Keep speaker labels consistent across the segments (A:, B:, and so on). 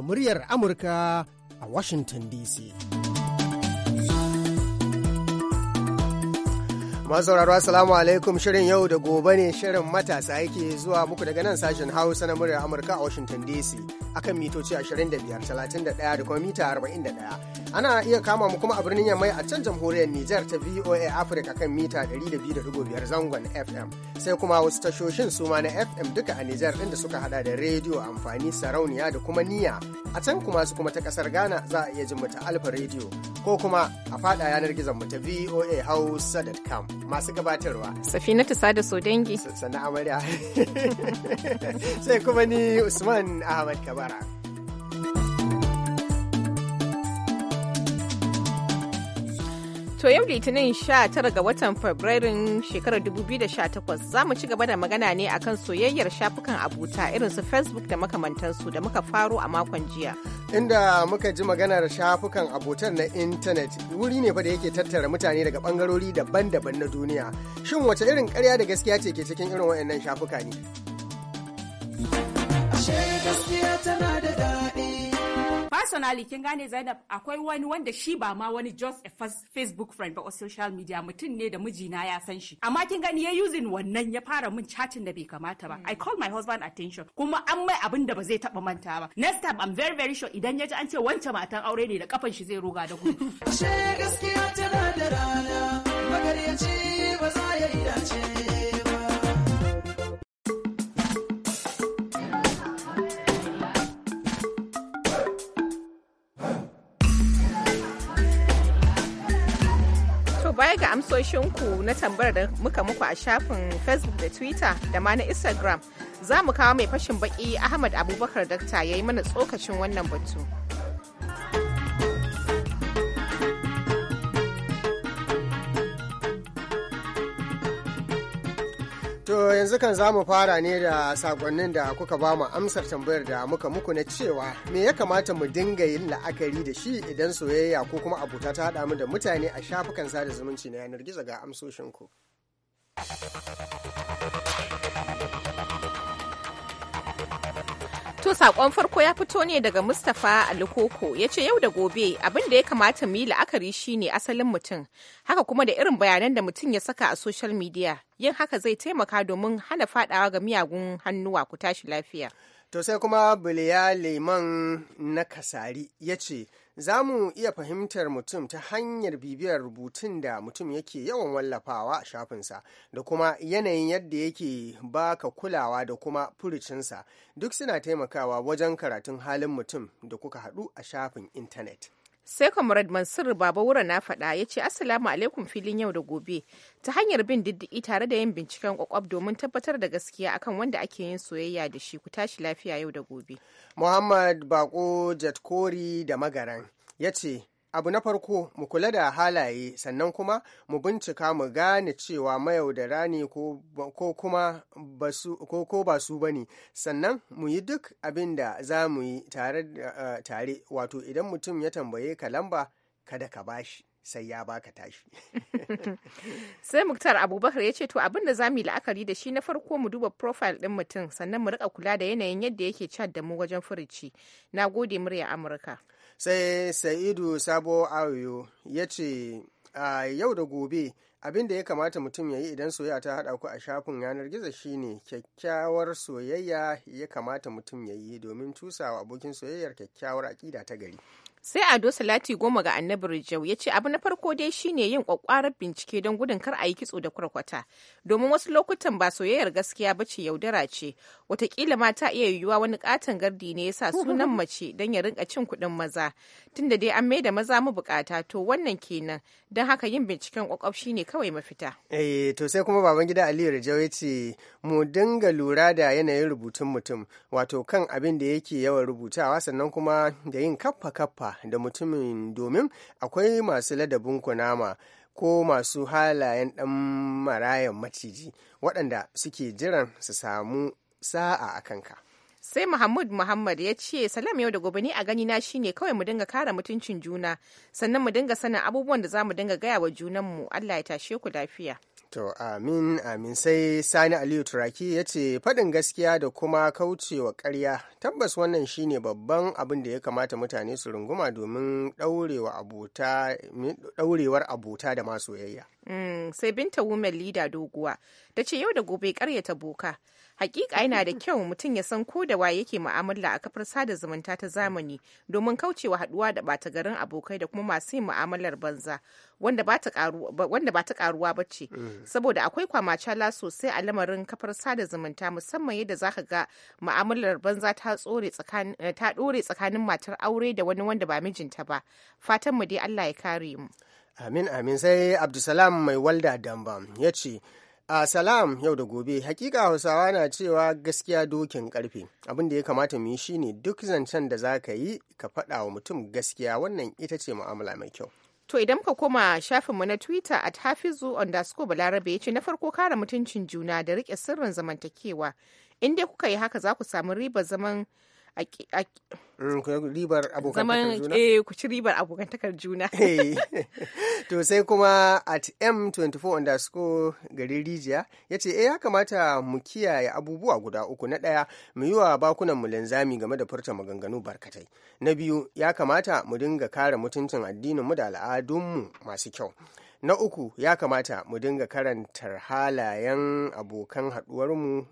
A: daga muryar Amurka a Washington DC. sauraro assalamu alaikum shirin yau da gobe ne shirin matasa yake zuwa muku daga nan sashen hausa na muryar amurka a washington dc akan mitoci 25, 31 da kuma mita 41. Ana iya kama mu kuma a birnin Yamai a can jamhuriyar Nijar ta VOA Africa kan mita 102.5 zangon FM. Sai kuma wasu tashoshin suma na FM duka a Nijar inda suka hada da rediyo amfani sarauniya da kuma niya. A can kuma su kuma ta kasar Ghana za a iya jin mu ta Alfa rediyo ko kuma a fada yanar gizon mu ta VOA Hausa.com. Masu gabatarwa. Safina Tusa
B: da so Sannan
A: Sai kuma ni Usman Ahmad Kaba. bara.
B: To yau Litinin 19 ga watan Fabrairun shekarar 2018 za mu ci gaba da magana ne akan soyayyar shafukan abuta irin su Facebook da makamantansu da muka faro a makon jiya.
A: Inda muka ji maganar shafukan abotar na intanet wuri ne fa da yake tattara mutane daga bangarori daban-daban na duniya. Shin wace irin karya da gaskiya ce ke cikin irin waɗannan shafuka ne?
C: personally kin gane Zainab akwai wani wanda shi ba ma wani just a Facebook friend ba or social media mutum ne da mijina ya san shi amma kin gani ya using wannan ya fara min chatting da bai kamata ba I call my husband attention kuma an mai abin da ba zai taba manta ba next time I'm very very sure idan ya ji an ce wancan matan aure ne da kafan shi zai roga da gudu ashe gaskiya
D: tana da rana
B: Baya ga amsoshinku na tambayar da muka muku a shafin Facebook da Twitter da ma na Instagram, za mu kawo mai fashin baki Ahmad Abubakar Dakta ya yi mana tsokacin wannan batu.
A: yanzu kan za mu fara ne da sakonnin da kuka ba mu amsar tambayar da muka muku na cewa me ya kamata mu dinga yin la'akari da shi idan soyayya ko kuma abuta ta haɗa mu da mutane a shafukan sada zumunci na yanar gizo ga amsoshinku.
B: to sakon farko ya fito ne daga Mustapha Alikoko ya ce yau da gobe abin da ya kamata mu yi la'akari shi ne asalin mutum haka kuma da irin bayanan da mutum ya saka a social media yin haka zai taimaka domin hana fadawa ga miyagun hannuwa ku tashi lafiya.
A: To sai kuma Buliya Leman na Kasari ya ce, za mu iya fahimtar mutum ta hanyar bibiyar rubutun da mutum yake yawan wallafawa a shafinsa da kuma yanayin yadda yake baka kulawa da kuma furicinsa duk suna taimakawa wajen karatun halin mutum da kuka haɗu a shafin intanet.
B: sai comrade mansur baba wura na faɗa ya ce assalamu alaikum filin yau da gobe ta hanyar bin diddiki tare da yin binciken kwakwab domin tabbatar da gaskiya akan wanda ake yin soyayya da shi ku tashi lafiya yau da gobe
A: muhammad bako jatkori da magaran ya ce abu na farko mu kula da halaye sannan kuma mu bincika mu gane cewa mayaudara ne ko kuma ko ba su ba ne sannan mu yi duk abin da za mu yi tare wato idan mutum ya tambaye ka lamba kada ka bashi sai ya baka tashi.
B: sai Muktar Abubakar ya ce to abin da zamu yi la'akari da shi na farko mu duba profile din mutum sannan mu rika kula da yanayin yadda yake chat da mu wajen furici. Na gode murya Amurka.
A: sai sa'idu sabo ayo ya ce a yau da gobe abin da ya kamata mutum ya yi idan soyayya ta hada ku a shafin yanar gizo shine kyakkyawar soyayya ya kamata mutum ya yi domin cusawa abokin soyayyar kyakkyawar aƙida ta gari
B: sai ado salati goma ga annabi rijau ya ce abu na farko dai shine yin kwakwarar bincike don gudun kar a yi kitso da kwarkwata domin wasu lokutan ba soyayyar gaskiya ba ce yaudara ce watakila ma ta iya yiwuwa wani katon gardi ne ya sa sunan mace don ya rinka cin kuɗin maza tunda dai an maida maza mu bukata to wannan kenan don haka yin binciken kwakwaf shine kawai mafita
A: eh to sai kuma baban gida aliyu rijau ya ce mu dinga lura da yanayin rubutun mutum wato kan abin da yake yawan rubutawa sannan kuma da yin kaffa-kaffa da mutumin domin akwai masu ladabin kunama ko masu halayen ɗan marayan maciji waɗanda suke jiran su samu sa'a a kanka.
B: sai Muhammad Muhammad ya ce salam yau da gobe ni a gani na shine kawai mu dinga kare mutuncin juna sannan mu dinga sanin abubuwan da za mu dinga gaya wa junanmu Allah ya tashe ku lafiya.
A: To amin amin sai Sani Aliyu Turaki ya ce faɗin gaskiya da kuma kaucewa ƙarya tabbas wannan shine babban abin da ya kamata mutane su runguma domin ɗaurewar abota da masoyayya.
B: Mm, sai binta women leader doguwa ta ce yau da gobe ƙaryata boka Hakika yana da kyau mutum ya san ko da waye yake mu'amala a kafar sada zumunta ta zamani domin kaucewa haduwa da bata garin abokai da kuma masu yin mu'amalar banza wanda ba ta karuwa ba ce mm. saboda akwai kwamacala sosai a lamarin kafar sada zumunta musamman yadda zaka ga mu'amalar banza ta dore eh, tsakanin matar aure da wani wanda ba mijinta ba fatan mu dai Allah ya kare mu
A: amin amin sai abdulsalam mai walda damba ya ce a salam yau da gobe hakika hausawa na cewa gaskiya dokin karfe abin da ya kamata mu yi shine duk zancen da za ka yi ka faɗa wa mutum gaskiya wannan ita ce mu'amala mai kyau
B: To idan ka koma shafinmu na Twitter at Hafizu underscore Balarabe ya ce na farko kare mutuncin juna da rike sirrin zamantakewa. In dai kuka yi haka za ku samu ribar zaman ribar abokantakar juna ku ci ribar juna
A: to sai kuma at m24 underscore gari rijiya ya ce eh ya kamata mu kiyaye abubuwa guda uku na ɗaya mu yi wa bakunan mu linzami game da furta maganganu barkatai na biyu ya kamata mu dinga kare mutuncin addinin mu da al'adunmu masu kyau na uku ya kamata mu dinga karantar halayen abokan mu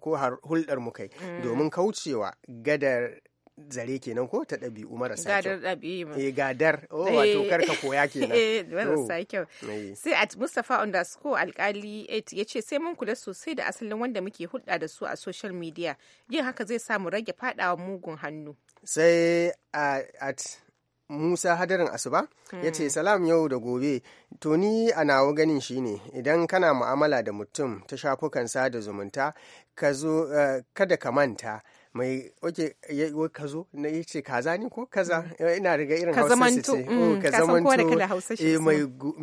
A: ko hulɗarmu kai mm. domin kaucewa gadar zare kenan ko ta ɗabi'u marasa kyau. Gadar
B: ɗabi'u. Eh
A: gadar. Oh wato eh. karka koya kenan. Eh, marasa oh. kyau.
B: Eh. Sai at Mustapha underscore alkali 8 ya ce sai mun kula sosai da asalin wanda muke hulɗa da su a social media. Yin haka zai samu rage faɗawa mugun hannu.
A: Sai at Musa Hadarin Asuba ya ce hmm. salam yau da gobe to ni a nawa ganin shi ne idan kana mu'amala da mutum ta shafukan sada zumunta eh, kada ka manta mai oke ka zo na yi ce kaza ne ko kaza mm. eh, ina riga irin hausa su ce mm, oh, ka zamanto eh,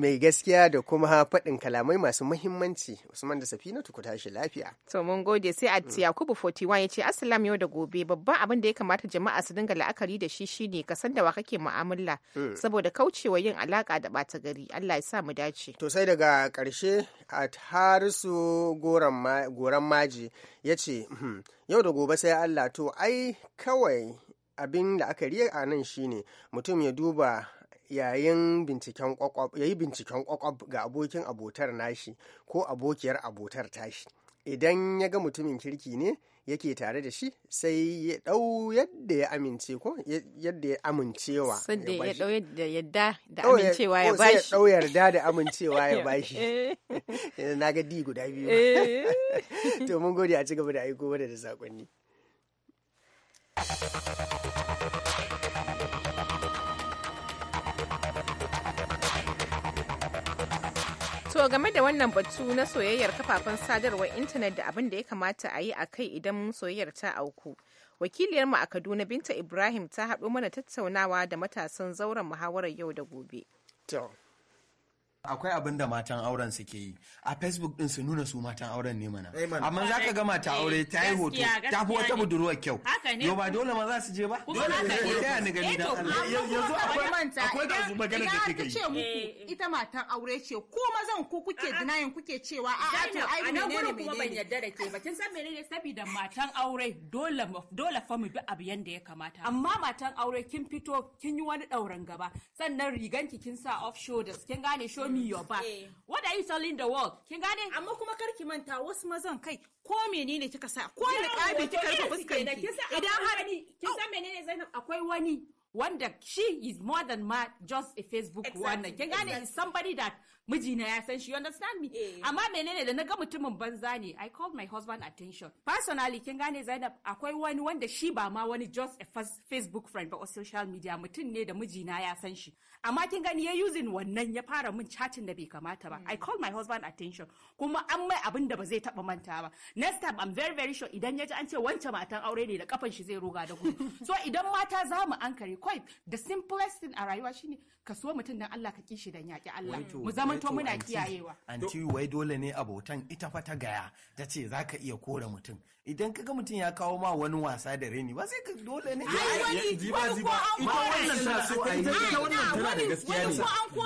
A: mai gaskiya da kuma faɗin kalamai masu mahimmanci usman da safina ku tashi lafiya
B: to mun gode sai a mm. yakubu 41 ya ce assalam yau da gobe babban abin da ya kamata jama'a su dinga la'akari da shi shine ka san da wa kake mu'amala saboda kaucewa yin alaka da bata gari Allah ya sa mu dace to
A: sai daga karshe a harisu goran maji ya ce hmm, yau da gobe sai Allah to ai kawai abin da aka riya a nan shine mutum ya duba yayin binciken kwakwab yayi binciken kwakwab ga abokin abotar nashi ko abokiyar abotar tashi idan ya ga mutumin kirki ne yake tare da shi sai ya dau yadda ya amince ko yadda ya amincewa ya
B: ɗau da amincewa ya bashi sai ya ɗau
A: yarda da amincewa ya bashi eh. na ga di guda biyu eh. to mun gode a ci gaba da aiko mana da sakonni
B: game da wannan batu na soyayyar kafafen sadarwar intanet da abin da ya kamata a yi a kai idan soyayyar ta auku. wakiliyar mu a Kaduna Binta Ibrahim ta haɗo mana tattaunawa da matasan zauren muhawarar yau da gobe.
E: akwai abin da matan auren suke yi a facebook din su nuna su matan auren ne mana eh, amma za ka gama ta eh, aure ta yi hoto ta fi wata budurwar kyau yo ba dole ma za su je ba dole ne ko ta ni gani eh, dan Allah yanzu akwai akwai da zuba ganin da kike yi
C: ita matan aure ce ko mazan ku kuke denying kuke cewa a a to ai ne ne kuma ban yarda da ke ba kin san menene saboda matan aure dole dole fa bi abu yanda ya kamata amma matan aure kin fito kin yi wani dauran gaba sannan riganki kin sa off shoulders kin gane shoulder me your back eh. what are you telling the world kin gane amma kuma kar ki manta wasu mazan kai ko menene kika sa ko ne niqabi kika rufe fuskar ki idan har ni kin san menene Zainab akwai wani wanda she is more than ma just a Facebook wannan. Kin gane somebody that mijina ya san shi you understand me eh. amma menene da naga mutumin banza ne i called my husband attention personally kin gane Zainab akwai wani wanda shi ba ma wani just a Facebook friend ba or social media mutum ne da mijina ya san shi amma kin gani ya using wannan ya fara min chatting da bai kamata ba i mm. call my husband attention kuma an mai abin da ba zai taba manta ba next time i'm very very sure idan ya ji an ce wancan matan aure ne da kafan shi zai ruga da gudu so idan mata za mu ankare kai the simplest thing a rayuwa shine ka so mutum dan Allah ka kishi dan yaƙi Allah mu zamanto muna kiyayewa
E: anti wai dole ne abotan ita fa ta gaya ta ce zaka iya kore mutum idan kaga mutum ya kawo ma wani wasa da reni ba
C: sai ka dole ne ya ko an
F: ita wannan ta so a yi ita wannan tana da gaskiya ne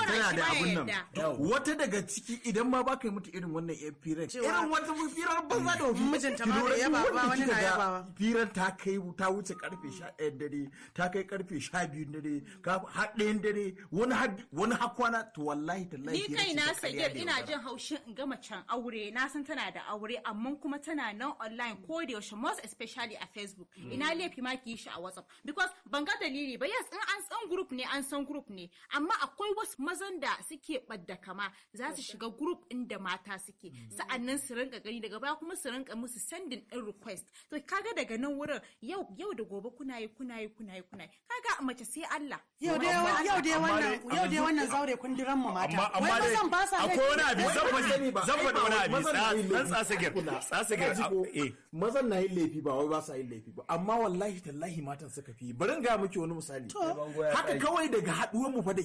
G: tana da abun nan wata daga ciki idan ma baka yi mutu irin wannan yan firar irin
F: wata
H: firar
G: banza da wani mijin ta ba yaba ba wani na yaba firar ta kai ta wuce karfe 11 dare ta kai karfe 12 dare ka har dare wani wani hakwana to wallahi tallahi ni kai na sai ina jin
C: haushin in gama can aure na san tana da aure amma kuma tana nan online ko da yaushe most especially a facebook mm. ina laifi ma ki yi shi a whatsapp because ban ga dalili ba yes in an san group ne an san group ne amma akwai wasu mazan da suke badda kama za su shiga group inda mata suke mm. sa'annan su rinka gani daga baya kuma su rinka musu sending din request to kaga daga nan wurin yau yau da gobe kuna yi kuna yi kuna yi kuna yi kaga mace sai Allah yau dai yau da wannan yau da wannan
D: zaure kundiran mu mata wai mazan ba sa akwai wani abi zan faɗi zan wani abi tsasa
G: gir tsasa gir mazan na yin laifi ba wai ba sa yin laifi ba amma wallahi tallahi matan suka fi bari ga miki wani misali haka kawai daga haduwar mu fa da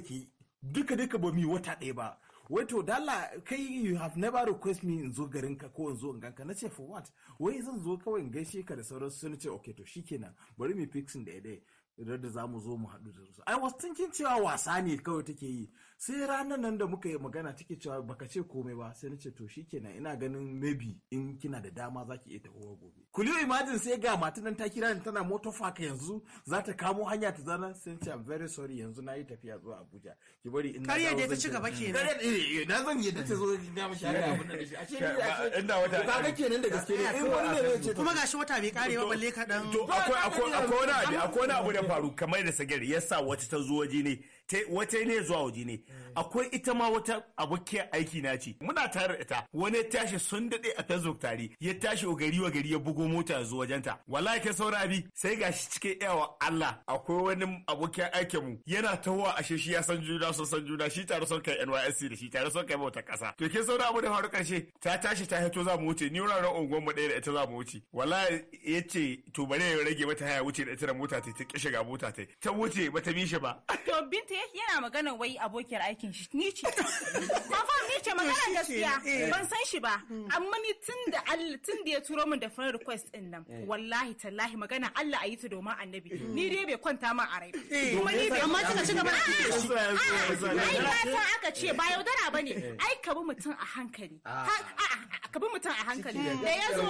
G: duka duka ba mi wata ɗaya ba wai to dala kai you have never request me in zo garin ka ko in zo in ganka na ce for what wai zan zo kawai in gaishe ka da sauran sun ce okay to shikenan bari mu fixin da ɗaya idan da zamu zo mu haɗu da su ai was thinking cewa wasa ne kawai take yi sai ranar nan da muka yi magana take cewa baka ce komai ba sai nace to shikenan ina ganin maybe in kina da dama zaki iya tahowa gobe kuli imagine sai ga mata nan ta kira ni tana moto faka yanzu za ta kamo hanya ta zana sai ce i'm very sorry yanzu na yi tafiya zuwa Abuja ki bari in na dawo ta ci gaba kenan eh, eh, na zan yadda ta zo da mu share abin da shi ashe ni inda wata ka
F: ga
D: kenan da gaske ne in eh, wani ne kuma gashi wata bai karewa balle ka dan akwai akwai akwai wani abu
F: akwai wani abu faru kamar da sagari ya sa wata ta zuwa waje ne wata ne zuwa waje ne akwai ita ma wata abokiya aiki na ce muna tare da ita wani tashi sun daɗe a kan tare ya tashi o gari wa gari ya bugo mota zuwa wajenta wallahi kai saura bi sai gashi cike yawa Allah akwai wani abokiya aikin mu yana tawa ashe shi ya san juna sun san juna shi tare son kai NYSC da shi tare son kai mota kasa to ke saura abu da faru karshe ta tashi ta hito za mu wuce ni wuraren unguwan mu ɗaya da ita za mu wuce wallahi yace to bare ya rage mata haya wuce da ita da mota ta ta shiga mota ta ta wuce bata bi shi ba
C: to binta yana magana wai abokiyar aiki ɗakin shi ni ce fa ni ce magana gaskiya eh. ban san shi ba mm. amma ni tun da Allah tun da ya turo min da friend request din nan eh. wallahi tallahi magana Allah ayi ta domin annabi eh. ni dai bai kwanta min a rai kuma ni bai amma kika ci mana ai ba aka ce ba yaudara bane ai ka bi mutum a hankali ka bi mutum a hankali da ya zo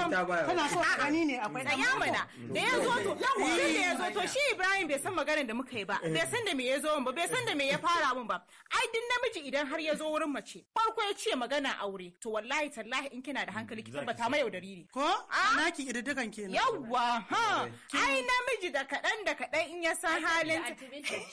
C: kana so a gani ne akwai dan yamana da ya zo to yawa da ya zo to shi Ibrahim bai san maganar da muka yi ba bai san da me ya zo ba bai san da me ya fara mun ba ai namiji idan har ya zo wurin mace farko ya ce magana aure to wallahi tallahi in kina da mm, hankali ki tabbata mai yaudari ne. Ko? Ah? Naki ididdigan kenan. Yawwa ha. Ai namiji da kaɗan da kaɗan in ya sa halin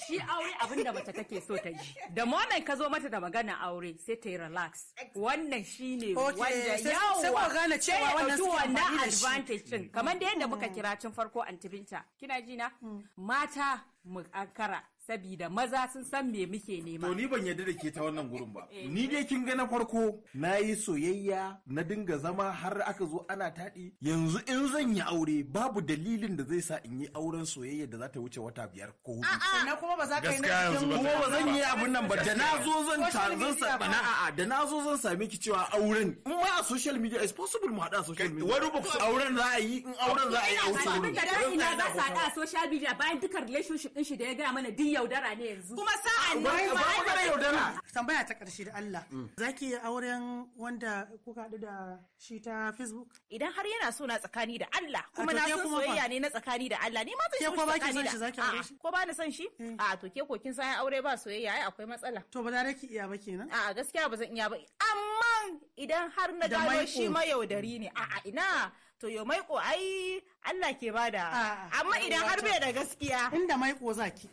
C: shi aure abin da mace take so ta ji. Da moment ka zo mata da magana aure sai ta yi relax. Wannan shine wanda yawwa. Sai ka gane cewa wannan su wannan advantage din. Kamar da yadda muka mm. kira tun farko antibinta. Kina ji na? Mm. Mata mu ankara sabida maza sun san me muke nema. To
G: ni ban yarda da ke ta wannan gurin ba. Eh. Ni dai kin ga na farko na yi soyayya na dinga zama har aka zo ana taɗi yanzu in zan yi aure babu dalilin da zai sa in yi auren soyayya da za ta wuce wata biyar ko hudu.
D: Na kuma ba za ka yi na cikin kuma ba zan yi abun nan ba da na zo zan
G: zan sa na a'a da na zo zan same ki cewa auren in ma a social media is possible mu haɗa a social media. Wani box auren za a yi in auren za a yi a wuce. da da ina za a haɗa a
C: social media bayan duka relationship ɗin shi da ya gaya mana duk yaudara ne yanzu kuma sa'an nan ba ba yaudara
D: tambaya ta ƙarshe da Allah hmm. zaki yi auren wanda kuka haɗu da shi ta Facebook
C: idan har yana so na tsakani da Allah kuma na son soyayya ne na tsakani da Allah ni ma zan yi tsakani da Allah ko ba ni son shi hmm. a to ke ko kin san aure ba soyayya ai akwai matsala to ba za ki iya ba kenan a gaskiya ba zan iya ba amma idan har na gano shi mayaudari ne a'a ina to yo maiko ai Allah ke bada ah, amma idan har bai da gaskiya inda maiko zaki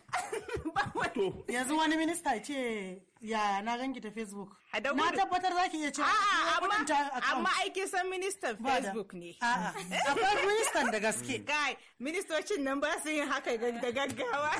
D: yanzu wani minista ce ya na
C: ganki ta facebook na tabbatar zaki iya ce amma amma ai ke san ministan facebook ne akwai ministan da gaske Kai, ministocin nan ba su yin haka da gaggawa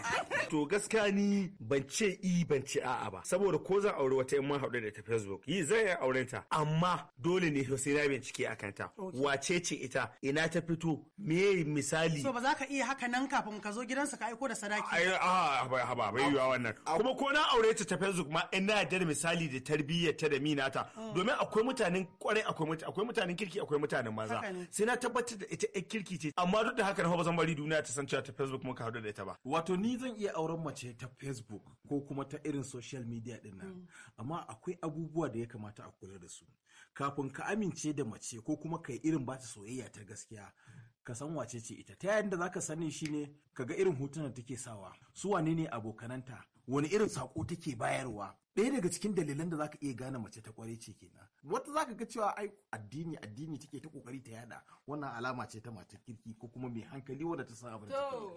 F: to gaskiya ni ban ce i ban ce a'a ba saboda ko zan aure wata yamma haɗu da ta facebook yi zai auren aurenta. amma dole ne sai na bincike akan ta wace ce ita ta ina ta fito me misali so
D: ba za ka iya haka nan kafin ka zo gidansa ka aiko da sadaki ai
F: a ha ba bai yiwa wannan kuma ko na aure ta ta Facebook ma ina da misali da tarbiyyar ta da mina ta oh. domin akwai mutanen kwarai akwai mutane akwai mutanen kirki akwai mutanen maza sai na tabbatar da ita ɗan kirki ce amma duk da haka na ba zan bari duniya ta san cewa ta Facebook ka haɗu da ita
G: ba wato ni zan iya auren mace ta Facebook ko kuma ta irin social media din nan mm. amma akwai abubuwa da ya kamata a koyar da su kafin ka amince da mace ko kuma ka yi irin bata soyayya ta gaskiya ka san wace ce ita ta yayin da za zaka sani ne ka ga irin hotunan take sawa su wane ne abokananta wani irin sako take bayarwa ɗaya daga cikin dalilan da za ka iya gane mace ta kware ce kenan wata zaka ga cewa ai addini addini take ta kokari ta yada wannan alama ce ta matar kirki ko kuma mai hankali wanda ta san abin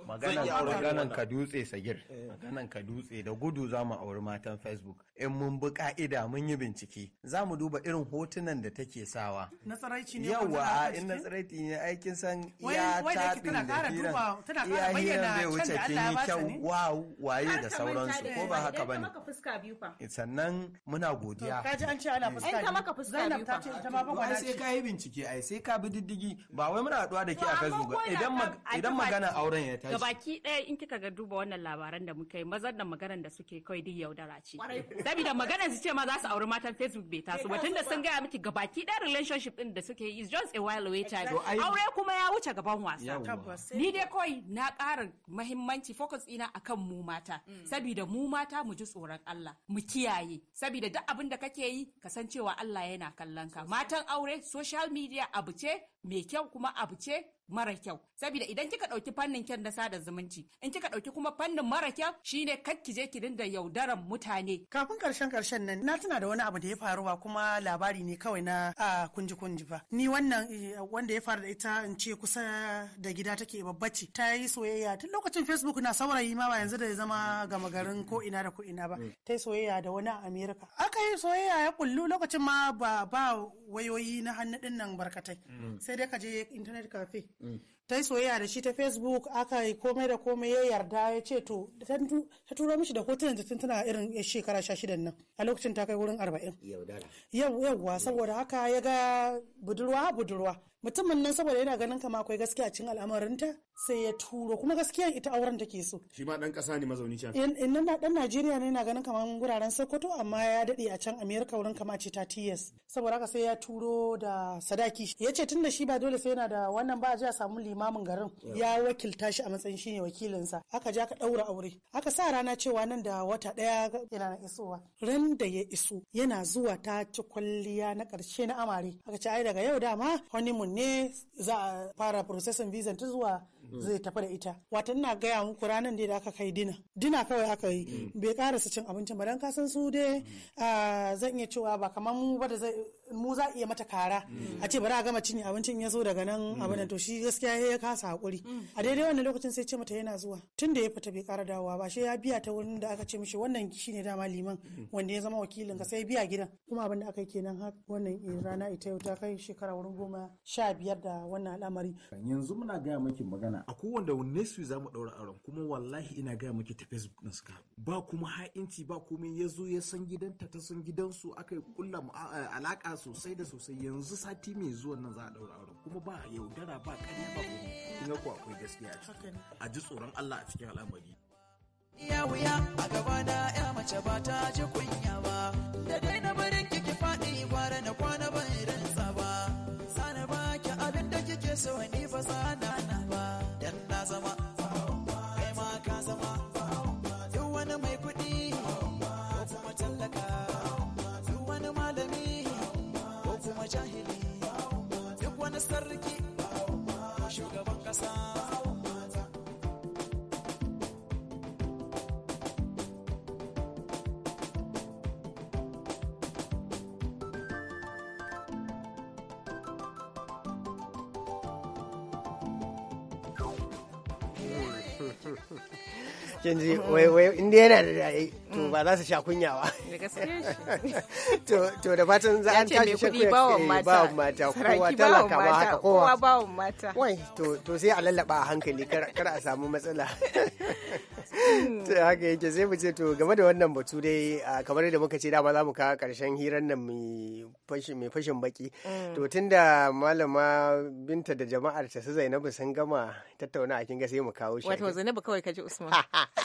G: maganan
E: maganan ka dutse sagir eh. maganan ka dutse da gudu zamu auri matan facebook in mun bi ka'ida mun yi bincike zamu duba irin hotunan da take sawa
D: nasaraici ne yawa
C: in nasaraici
E: tsaraici ne aikin san ya ta tana kara duba tana kara bayyana can da Allah ya waye da sauransu ko ba haka bane sannan muna godiya ji an ce ana eh. fuska
C: maka Zainab ta ce ita ma ba gwana sai ka
E: yi bincike ai sai ka bi diddigi ba wai muna haɗuwa da ke a Facebook ba idan idan magana auren ya tashi.
C: Gabaki ɗaya in kika ga duba wannan labaran da muka yi mazan da maganar da suke kawai duk yaudara ce. Saboda maganar su ce ma za su auri matan Facebook bai taso ba tunda sun gaya miki gabaki ɗaya relationship ɗin da suke yi is just a while away time. Aure kuma ya wuce gaban wasa. Ni dai kawai na ƙara mahimmanci focus ina akan mu mata. Mm. Saboda mu mata mu ji tsoron Allah mu kiyaye saboda duk abin da kake yi ka san cewa Allah yana kallon ka matan aure social media abu ce mai kyau kuma abu ce mara kyau saboda idan kika ɗauki fannin kyan na sada zumunci in kika ɗauki kuma fannin mara kyau shine kar ki je ki dinda yaudaran mutane kafin karshen karshen
D: nan na tuna da wani abu da ya faru kuma labari ne kawai na a kunji kunji ba ni wannan eh, wanda ya faru da ita in ce kusa da gida take babbaci ta yi soyayya tun lokacin facebook na saurayi ma ba yanzu da zama gama garin ko ina da ko ina ba ta yi soyayya da wani a america aka yi soyayya ya kullu lokacin ma ba ba wayoyi na hannu din nan barkatai mm. sai dai ka je internet cafe Mm. ta yi soyayya da shi ta facebook aka yi komai da komai ya yarda ya ce to ta tura mishi da hotunan da tana irin shekara sha shidan nan a lokacin ta kai wurin arba'in yauwa saboda haka ya ga budurwa budurwa mutumin nan saboda yana ganin kama akwai gaskiya cikin al'amarinta sai ya turo kuma gaskiya ita auren take so
F: shi ma dan kasa ne mazauni can
D: in nan dan Najeriya ne yana ganin kaman guraren Sokoto amma ya dade a can America wurin kama ce ta TS saboda haka sai ya turo da sadaki ya ce tunda shi ba dole sai yana da wannan ba a samu lima. limamin garin ya wakilta shi a matsayin shine wakilinsa aka ja ka daura aure aka sa rana cewa nan da wata daya yana na isowa ran da ya iso yana zuwa ta ci kwalliya na karshe na amare aka ce ai daga yau dama honeymoon ne za a fara processing visa ta zuwa zai tafi da ita wata ina gaya muku ranar da aka kai dina dina kawai aka yi mm. bai karasa cin abincin ba dan ka su dai mm. zan iya cewa ba kamar mu ba da mu za iya mata kara mm. a ce bari a gama cin abincin ya zo daga nan abin to shi gaskiya ya kasa hakuri a daidai wannan lokacin sai ce mata yana zuwa tun da ya fita bai kara dawowa ba shi ya biya ta wurin da aka ce mishi wannan shine dama liman wanda ya zama wakilin ka sai biya gidan kuma abin da aka yi kenan wannan rana ita ta kai shekara wurin goma sha biyar da wannan al'amari
G: yanzu muna gaya miki magana magana a kowanne next za zamu daura auren kuma wallahi ina gaya muke ta facebook ɗin suka ba kuma ha'inci ba komai ya zo ya san gidanta ta san gidansu aka yi kulla eh, alaka sosai da sosai yanzu sati mai zuwa nan za a daura auren kuma ba yaudara ba ƙarya ba kuma kin ga akwai gaskiya a ji tsoron Allah a cikin
D: al'amari ya wuya a gaba na ya mace ba ta ji kunya ba, da dai na barin kiki faɗi gwara na kwana ban irin ba, sani ba ki abin da kike so sarki shugaban kasa
A: yanzu wai wai inda yana da to mm. ba za su sha kunya ba to da fatan za an tashi sha kunya ba mata kowa talaka ba haka kowa
B: ba mata wai
A: to sai a lallaba a hankali kar a samu matsala hmm. to haka yake sai mu ce to game da wannan batu dai kamar yadda muka ce dama za mu kawo karshen hirar nan mu fashin mai fashin baki mm. to tunda malama binta da jama'ar ta su Zainabu sun gama tattauna a kinga sai mu kawo shi wato
B: Zainabu kawai kaji Usman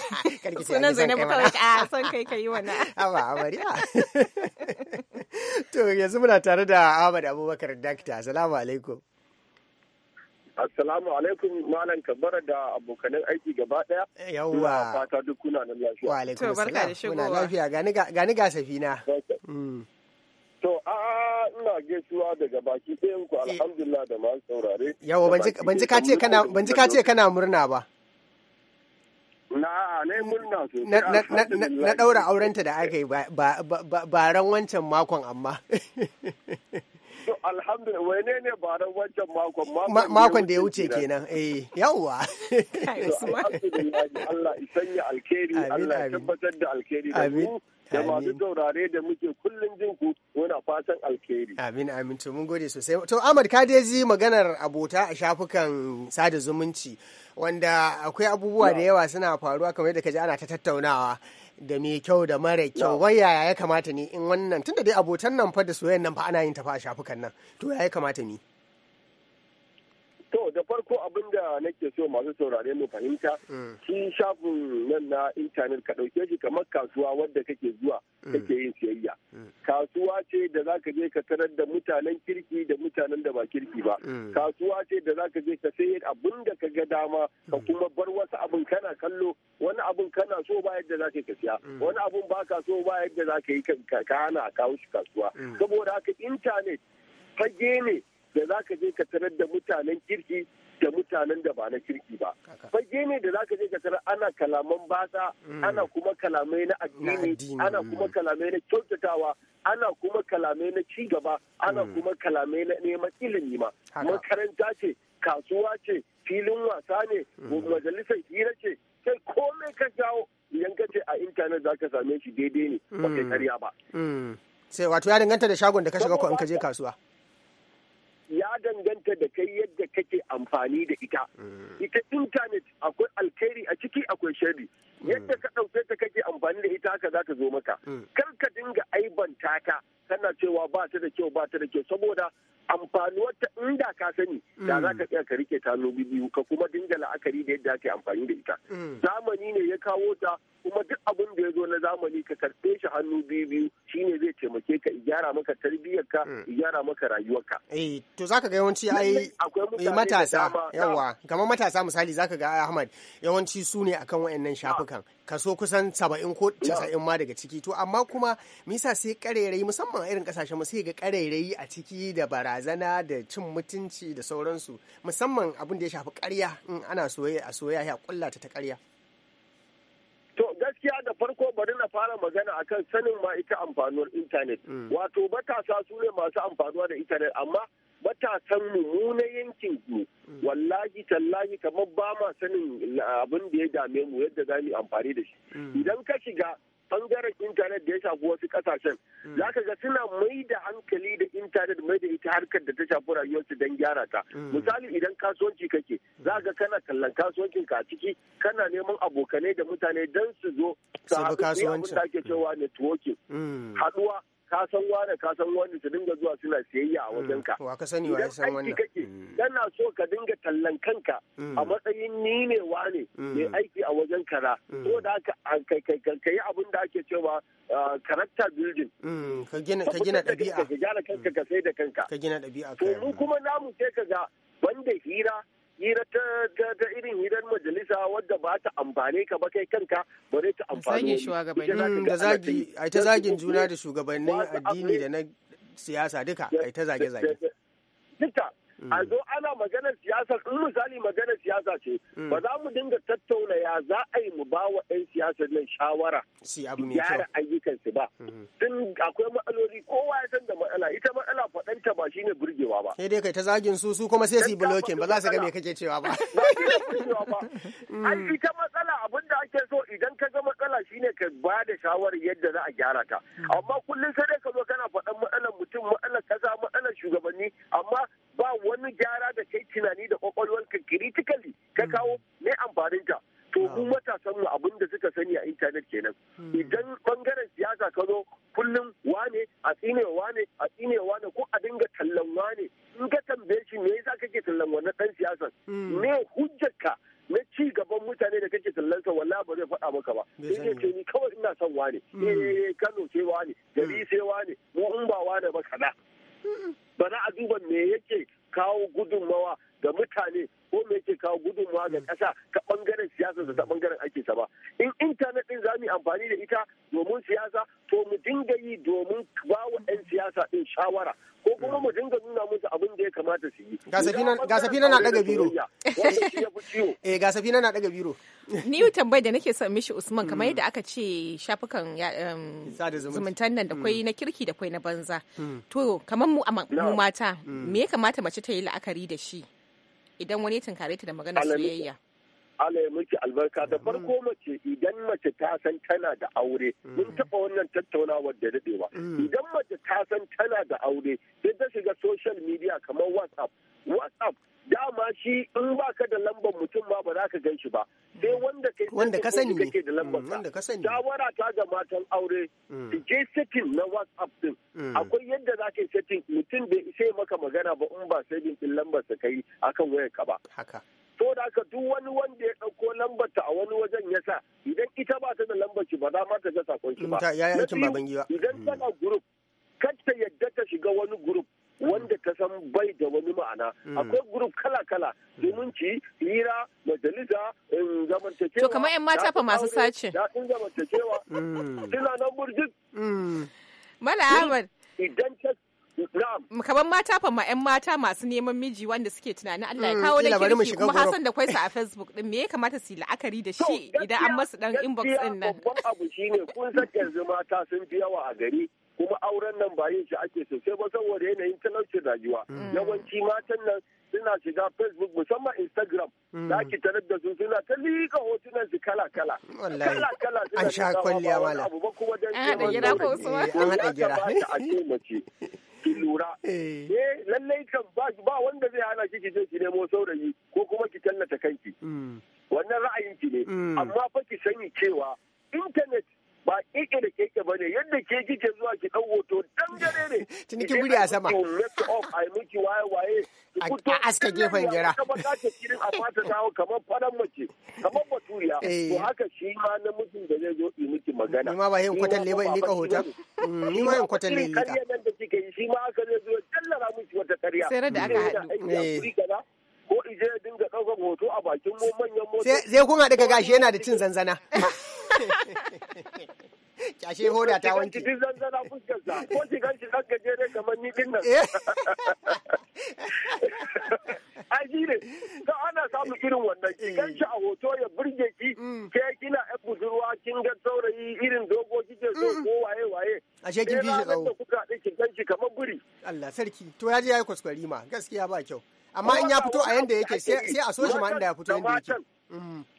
A: sunan Zainabu kawai a ah,
B: son kai kai wannan
A: aba amariya to yanzu muna tare da Ahmad Abubakar Dakta assalamu alaikum
H: Assalamu alaikum Malam Kabara da abokanin aiki gaba daya. Yawwa. Fata duk kuna nan lafiya. Wa alaikum assalam. Muna lafiya
A: gani ga safina.
H: To a ina gaisuwa daga baki ɗayan ku eh. alhamdulillah da ma saurare. Yawa ban ji ka ce
A: kana murna ba.
H: Na ne murna Na ɗaura
A: aurenta da aka yi ba ran wancan makon amma.
H: to alhamdulillah wane ne ba don wancan
A: makon makon da ya wuce kenan eh yawwa
H: Allah sanya alkhairi Allah ya tabbatar da alkhairi da mu da masu taurare da muke
A: kullun jin ku muna fatan alkhairi amin amin to mun gode sosai to Ahmad ka dai ji maganar abota a shafukan sada zumunci wanda akwai abubuwa da yawa suna faruwa kamar yadda kaji ana ta tattaunawa da me kyau da mara kyau wai yaya ya kamata ni in wannan tunda dai abotan nan fa da soyayyan nan fa ana yin ta fa a shafukan nan to ya kamata ni
H: To da farko abinda da nake so masu saurare mu fahimta, mm. shi shafin nan na intanet ka ɗauke shi kamar kasuwa wadda kake zuwa mm. kake yin siyayya. Mm. Kasuwa ce da za ka je ka tarar da mutanen kirki da mutanen da ba kirki ba. Kasuwa ce da za ka je ka sayar abin ka ga dama ka kuma bar wasu abin kana kallo wani abin kana so ba yadda za ka siya wani abin ba ka so ba yadda za ka yi ka hana a kawo shi kasuwa. Saboda haka intanet fage ne da za ka je ka tarar da mutanen kirki da mutanen da ba na kirki ba fage ne da za ka je ka tarar ana kalaman basa mm. ana kuma kalamai na addini ana mm. kuma kalamai na kyautatawa ana kuma kalamai na cigaba, ana mm. kuma kalamai na neman ilimi ma makaranta ce kasuwa ce filin wasa ne majalisar hira ce sai komai ka jawo idan ka ce a intanet za ka same shi daidai ne ba kai karya ba
A: sai wato ya danganta da shagon da ka shiga ko in ka je kasuwa
H: ya danganta da kai yadda kake amfani da ita mm. ita intanet akwai alkhairi a ciki akwai shari yadda ka ɗauke ta kake amfani da ita haka za ka zo maka mm. kar ka dinga aibanta ta kana cewa ba ta da kyau ba ta da kyau saboda amfanuwarta inda ka sani da za ka mm. tsaya ka rike ta nobi biyu ka kuma dinga la'akari da yadda ake amfani da ita mm. zamani ne ya kawo ta kuma duk abin da ya zo na zamani ka karɓe shi hannu biyu biyu shine zai taimake ka gyara maka tarbiyyarka gyara maka rayuwarka
A: eh to zaka ga yawanci ai matasa yawa kamar matasa misali zaka ga Ahmad yawanci su ne akan wayannan shafi kan kaso kusan saba'in ko casa'in ma daga ciki to amma kuma misa sai karerai musamman a irin ƙasashen sai ga karerai a ciki da barazana da cin mutunci da sauransu musamman abin da ya shafi karya in ana soyayya a soyayya ya kullata ta karya.
H: To gaskiya da farko bari na fara magana akan sanin ma ita amfanuwar intanet. Mm. Wato matasa su ne masu amfanuwa da intanet amma matasan mu yankin ku mm. wallahi tallahi kamar ba ma sanin abin da ya dame mu yadda za mu amfani da shi mm. idan ka shiga bangaren intanet da ya shafi wasu kasashen mm. za ka ga suna mai da hankali da intanet mai da ita harkar da ta shafi rayuwarsu don gyara ta misali idan kasuwanci kake za ga kana kallon kasuwancin ka ciki kana neman abokanai da mutane don su zo su haɗu abin da ake cewa networking haɗuwa ka san wane ka san wani su dinga zuwa suna siyayya a mm. wajen ka wa ka sani wa san wannan kake mm. kana so ka dinga tallan kanka mm. a matsayin ni ne wane ne aiki a wajen kara so da kai ka yi abin da ake cewa character building
A: ka gina ka gina ɗabi'a ka gina
H: kanka ka sai da kanka ka gina dabi'a to mu kuma namu sai ka ga banda hira hira ta irin hirar majalisa wadda ba ta amfane ka ba kai kanka ba ta amfane da ta zagin mm, juna da
A: shugabannin addini da na siyasa duka ai ta zage zage
H: Mm. a zo ana maganar siyasa in misali maganar siyasa ce mm. ba za mu dinga tattauna ya za a yi mu ba wa 'yan siyasar nan shawara gyara ayyukansu ba mm-hmm. tun akwai matsaloli kowa ya san da matsala ita matsala faɗanta ba shine burgewa ba sai
A: dai kai ta zagin su su kuma sai su yi blocking ba za su ga me kake cewa ba ba mm. ita
H: matsala abin da ake so idan ka ga matsala shine ka ba da shawarar yadda za a gyara ta amma kullum sai dai ka zo kana faɗan matsalar mutum matsalar kasa matsalar shugabanni amma wani gyara da kai tunani da kwakwalwarka critically ka hmm. kawo mai amfanin ta to matasan mu hmm. abin da suka sani a intanet kenan hmm.
B: gasafina na daga biro eh gasafina na daga biro ni tambayar da nake son mishi Usman kamar hmm. yadda aka ce shafukan zumuntan nan da kwai hmm. na kirki da kwai na banza hmm. to kamar mu mata me ya kamata mace ta yi la'akari da shi idan wani ya tunkare ta da magana soyayya
H: Allah ya miki albarka da farko mace idan mace ta san tana da aure mun mm. taɓa wannan tattaunawar da daɗewa mm. idan mace ta san tana da aure sai ta shiga social media kamar WhatsApp WhatsApp dama shi in ba ka da lambar mutum ma ba za ka gan shi ba sai wanda kai wanda ka sani kake da lambar mm, wanda ka sani shawara ta ga matan aure ki mm. je setting na WhatsApp din mm. akwai yadda za ka setting mutum bai sai maka magana ba in ba sai din lambar sa kai akan wayar ka ba haka to da ka duk wani wanda ya dauko lambar ta a wani wajen ya sa idan ita ba ta da lambar shi ba za ma ta ga sakon shi ba idan tana group kar ta yadda ta shiga wani group wanda ta san bai da wani ma'ana hmm. akwai grup kala-kala hmm. zumunci hira majalisa um, zamantakewa to kamar 'yan mata fa masu sace daɗin zamantakewa hmm. suna
B: nan burjik mala ahmad idan ta kamar mata fa ma yan mata masu neman miji wanda suke tunanin Allah ya kawo da kirki kuma Hassan da kwaisa a Facebook din me ya kamata su yi la'akari da shi idan an masu dan inbox din nan
H: babban abu shine kun san yanzu mata sun fi yawa a gari kuma auren nan ba yin shi ake sai ba saboda yanayin talaucin rayuwa mm. yawanci matan nan suna shiga facebook musamman instagram mm. za ki tarar da su suna ta liƙa hotunan su kala kala kala kala an sha kwalliya mala abu ba kuma dan gira ko an hada gira a ce mace ki lura eh. eh lallai kan ba wanda zai hana ki ki je ki nemo saurayi ko kuma ki tallata kanki mm. wannan ra'ayin ki ne amma fa ki sani cewa internet ba keke da keke ba ne yadda ke kike zuwa ki dan hoto dan gare ne tuni ki a sama a aska gefen gira ka baka ta kirin a fata dawo kamar fadan mace kamar baturiya to eh. haka shi ma yi miki
A: magana ni in lika hoton mm, da
H: kike yi shi ma zai zo karya sai da aka eh. ko ije dinga ɗaukar a bakin manyan mota. Sai gashi yana da
A: cin zanzana. kyashe hoda ta wanke cikin
H: zanzana fuskarsa ko ki ganci dan gajere kamar ni din nan eh. A shi ne to ana samun irin wannan ki shi a hoto ya burge ki mm. ke kina ɗan budurwa kin ga saurayi irin dogo kike so mm. ko waye waye shi kin fi shi tsawo
A: kuka din ki ganci kamar Allah sarki to ya ya yayi kuskure ma gaskiya ba kyau amma in ya fito a yanda yake sai a so shi ma inda ya fito yanda yake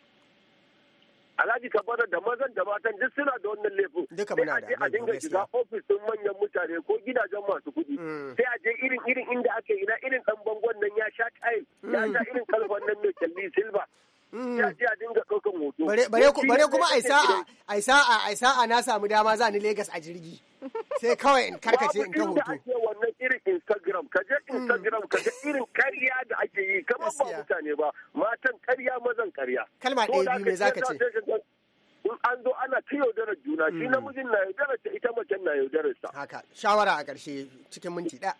H: alhaji kabara da mazan da matan duk suna da wannan laifin duka muna da a dinga shiga ofis manyan mutane ko gidajen masu kuɗi mm. sai a je irin irin inda ake ina irin ɗan bangon nan ya sha tayil mm. ya sha irin kalban nan mai kyalli silba mm. ya je a dinga ɗaukan hoto bare kuma ai sa'a
A: a sa'a sa'a na samu dama za ni Legas a jirgi sai kawai in karkace in ta hoto wannan
H: irin kaje ka je Instagram, hmm. ka je irin karya da ake yi, kamar ba mutane ba, matan karya mazan karya. Kalma ɗaya biyu me zaka ce? In an zo ana ta yaudarar juna, shi hmm. namijin na yaudarar ta ita macen na yaudarar sa. Haka,
A: shawara a ƙarshe cikin minti ɗaya.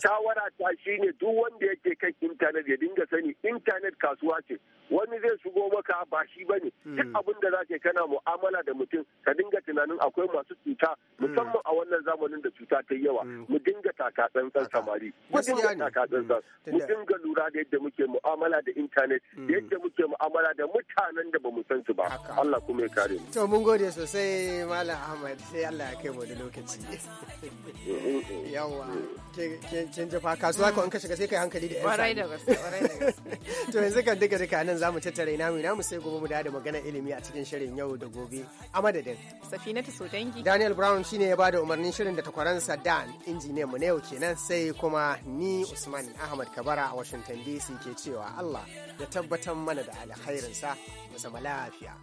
H: Shawara ta shi ne duk wanda yake kai intanet ya dinga sani intanet kasuwa ce. wani zai shigo maka ba shi ba ne hmm. duk abin da za ka kana mu'amala da mutum ka dinga tunanin akwai masu cuta hmm. musamman a wannan zamanin da cuta ta yawa hmm. mu dinga taka tsantsan samari mu dinga taka tsantsan mu dinga lura da yadda muke mu'amala da intanet da yadda muke mu'amala da mutanen da bamu san su ba Allah kuma ya kare mu
A: to mun gode sosai malam Ahmad sai Allah ya kai mu da lokaci mm-hmm. yawa mm-hmm. kin kin jafa kasuwa ko in ka shiga sai kai hankali da yan da gaske da gaske to yanzu kan duka duka nan nan zamu tattara ina mu ina mu sai gobe mu da magana ilimi a cikin shirin yau da gobe a madadin
B: Safinatu Sodangi
A: Daniel Brown shine ya bada umarnin shirin da takwaransa Dan injiniyan mu na yau kenan sai kuma ni Usman Ahmad Kabara a Washington DC ke cewa Allah ya tabbatar mana da alkhairinsa mu zama lafiya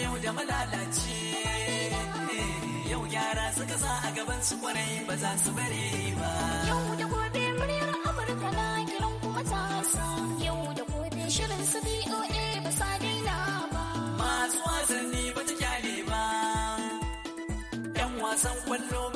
F: yau da malalaci yau yara suka sa a gaban su kwarai ba za su bari ba. Shirin su BOA ba sa daina ba. Masu wasanni ba
C: ta kyale ba. 'Yan wasan kwallo